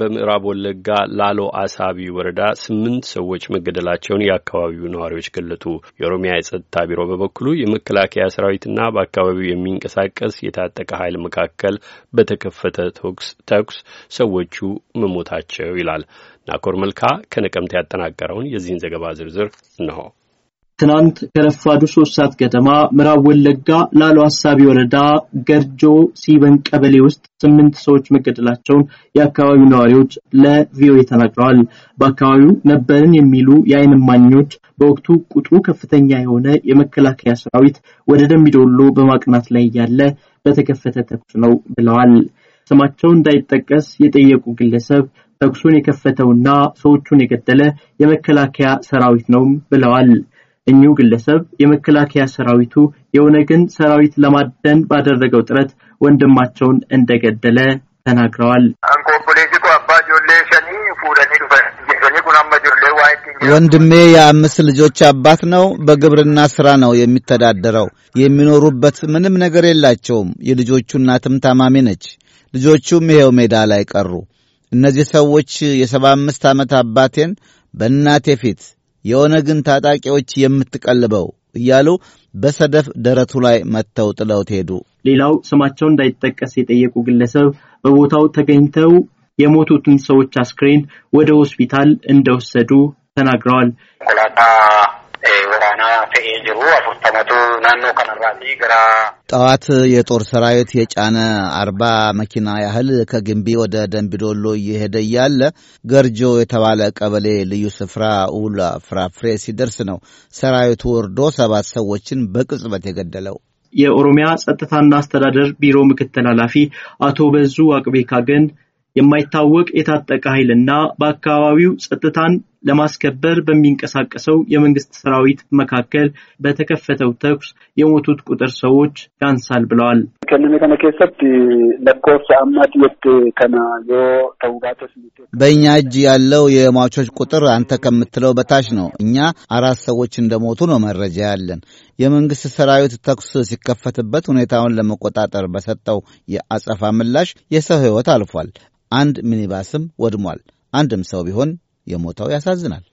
በምዕራብ ወለጋ ላሎ አሳቢ ወረዳ ስምንት ሰዎች መገደላቸውን የአካባቢው ነዋሪዎች ገለጡ። የኦሮሚያ የጸጥታ ቢሮ በበኩሉ የመከላከያ ሰራዊትና በአካባቢው የሚንቀሳቀስ የታጠቀ ኃይል መካከል በተከፈተ ተኩስ ሰዎቹ መሞታቸው ይላል። ናኮር መልካ ከነቀምት ያጠናቀረውን የዚህን ዘገባ ዝርዝር እንሆ ትናንት ከረፋዱ ሶስት ሰዓት ገደማ ምዕራብ ወለጋ ላሉ ሀሳቢ ወረዳ ገርጆ ሲበን ቀበሌ ውስጥ ስምንት ሰዎች መገደላቸውን የአካባቢው ነዋሪዎች ለቪኦኤ ተናግረዋል። በአካባቢው ነበርን የሚሉ የአይን ማኞች በወቅቱ ቁጥሩ ከፍተኛ የሆነ የመከላከያ ሰራዊት ወደ ደምቢዶሎ በማቅናት ላይ እያለ በተከፈተ ተኩስ ነው ብለዋል። ስማቸው እንዳይጠቀስ የጠየቁ ግለሰብ ተኩሱን የከፈተውና ሰዎቹን የገደለ የመከላከያ ሰራዊት ነው ብለዋል። እኚሁ ግለሰብ የመከላከያ ሰራዊቱ የኦነግን ሰራዊት ለማደን ባደረገው ጥረት ወንድማቸውን እንደገደለ ተናግረዋል። ወንድሜ የአምስት ልጆች አባት ነው። በግብርና ሥራ ነው የሚተዳደረው። የሚኖሩበት ምንም ነገር የላቸውም። የልጆቹ እናትም ታማሚ ነች። ልጆቹም ይኸው ሜዳ ላይ ቀሩ። እነዚህ ሰዎች የሰባ አምስት ዓመት አባቴን በእናቴ ፊት የኦነግን ታጣቂዎች የምትቀልበው እያሉ በሰደፍ ደረቱ ላይ መጥተው ጥለውት ሄዱ። ሌላው ስማቸው እንዳይጠቀስ የጠየቁ ግለሰብ በቦታው ተገኝተው የሞቱትን ሰዎች አስክሬን ወደ ሆስፒታል እንደወሰዱ ተናግረዋል። ሰላሳ fe'ee ጅሩ afurtamatu ናኖ kanarraati gara ጠዋት የጦር ሰራዊት የጫነ አርባ መኪና ያህል ከግንቢ ወደ ደንቢዶሎ እየሄደ እያለ ገርጆ የተባለ ቀበሌ ልዩ ስፍራ ውላ ፍራፍሬ ሲደርስ ነው ሰራዊቱ ወርዶ ሰባት ሰዎችን በቅጽበት የገደለው። የኦሮሚያ ጸጥታና አስተዳደር ቢሮ ምክትል ኃላፊ አቶ በዙ አቅቤካ ግን የማይታወቅ የታጠቀ ኃይልና በአካባቢው ጸጥታን ለማስከበር በሚንቀሳቀሰው የመንግስት ሰራዊት መካከል በተከፈተው ተኩስ የሞቱት ቁጥር ሰዎች ያንሳል ብለዋል። በእኛ እጅ ያለው የሟቾች ቁጥር አንተ ከምትለው በታች ነው። እኛ አራት ሰዎች እንደሞቱ ነው መረጃ ያለን። የመንግስት ሰራዊት ተኩስ ሲከፈትበት ሁኔታውን ለመቆጣጠር በሰጠው የአጸፋ ምላሽ የሰው ህይወት አልፏል። አንድ ሚኒባስም ወድሟል። አንድም ሰው ቢሆን የሞተው ያሳዝናል።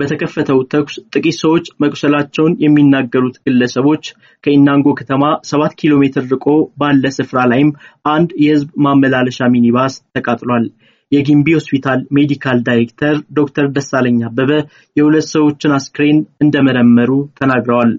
በተከፈተው ተኩስ ጥቂት ሰዎች መቁሰላቸውን የሚናገሩት ግለሰቦች ከኢናንጎ ከተማ ሰባት ኪሎ ሜትር ርቆ ባለ ስፍራ ላይም አንድ የህዝብ ማመላለሻ ሚኒባስ ተቃጥሏል። የጊምቢ ሆስፒታል ሜዲካል ዳይሬክተር ዶክተር ደሳለኝ አበበ የሁለት ሰዎችን አስክሬን እንደመረመሩ ተናግረዋል።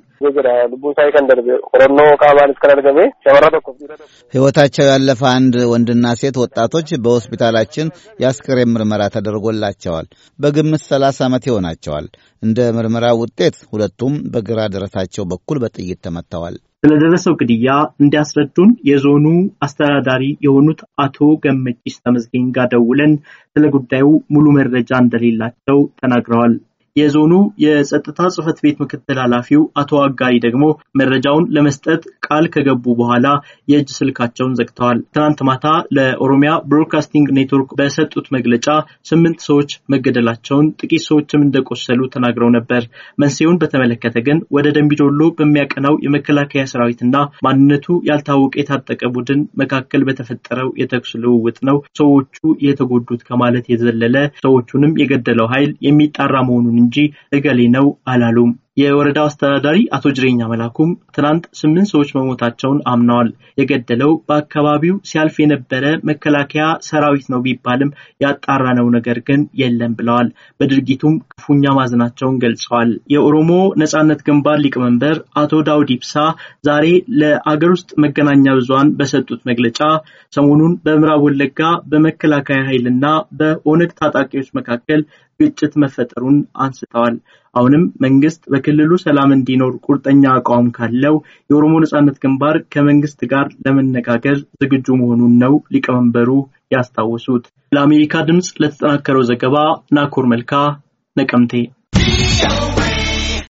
ሕይወታቸው ያለፈ አንድ ወንድና ሴት ወጣቶች በሆስፒታላችን የአስክሬን ምርመራ ተደርጎላቸዋል። በግምት ሰላሳ ዓመት ይሆናቸዋል። እንደ ምርመራ ውጤት ሁለቱም በግራ ደረታቸው በኩል በጥይት ተመትተዋል። ስለደረሰው ግድያ እንዲያስረዱን የዞኑ አስተዳዳሪ የሆኑት አቶ ገመጭስ ተመስገን ጋር ደውለን ስለ ጉዳዩ ሙሉ መረጃ እንደሌላቸው ተናግረዋል። የዞኑ የጸጥታ ጽህፈት ቤት ምክትል ኃላፊው አቶ አጋሪ ደግሞ መረጃውን ለመስጠት ቃል ከገቡ በኋላ የእጅ ስልካቸውን ዘግተዋል። ትናንት ማታ ለኦሮሚያ ብሮድካስቲንግ ኔትወርክ በሰጡት መግለጫ ስምንት ሰዎች መገደላቸውን፣ ጥቂት ሰዎችም እንደቆሰሉ ተናግረው ነበር። መንስኤውን በተመለከተ ግን ወደ ደንቢዶሎ በሚያቀናው የመከላከያ ሰራዊትና ማንነቱ ያልታወቀ የታጠቀ ቡድን መካከል በተፈጠረው የተኩስ ልውውጥ ነው ሰዎቹ የተጎዱት ከማለት የዘለለ ሰዎቹንም የገደለው ኃይል የሚጣራ መሆኑን እንጂ እገሌ ነው አላሉም የወረዳው አስተዳዳሪ አቶ ጅሬኛ መላኩም ትናንት ስምንት ሰዎች መሞታቸውን አምነዋል። የገደለው በአካባቢው ሲያልፍ የነበረ መከላከያ ሰራዊት ነው ቢባልም ያጣራነው ነገር ግን የለም ብለዋል። በድርጊቱም ክፉኛ ማዝናቸውን ገልጸዋል። የኦሮሞ ነጻነት ግንባር ሊቀመንበር አቶ ዳውድ ኢብሳ ዛሬ ለአገር ውስጥ መገናኛ ብዙሃን በሰጡት መግለጫ ሰሞኑን በምዕራብ ወለጋ በመከላከያ ኃይልና በኦነግ ታጣቂዎች መካከል ግጭት መፈጠሩን አንስተዋል። አሁንም መንግስት በክልሉ ሰላም እንዲኖር ቁርጠኛ አቋም ካለው የኦሮሞ ነጻነት ግንባር ከመንግስት ጋር ለመነጋገር ዝግጁ መሆኑን ነው ሊቀመንበሩ ያስታወሱት። ለአሜሪካ ድምፅ ለተጠናከረው ዘገባ ናኮር መልካ ነቀምቴ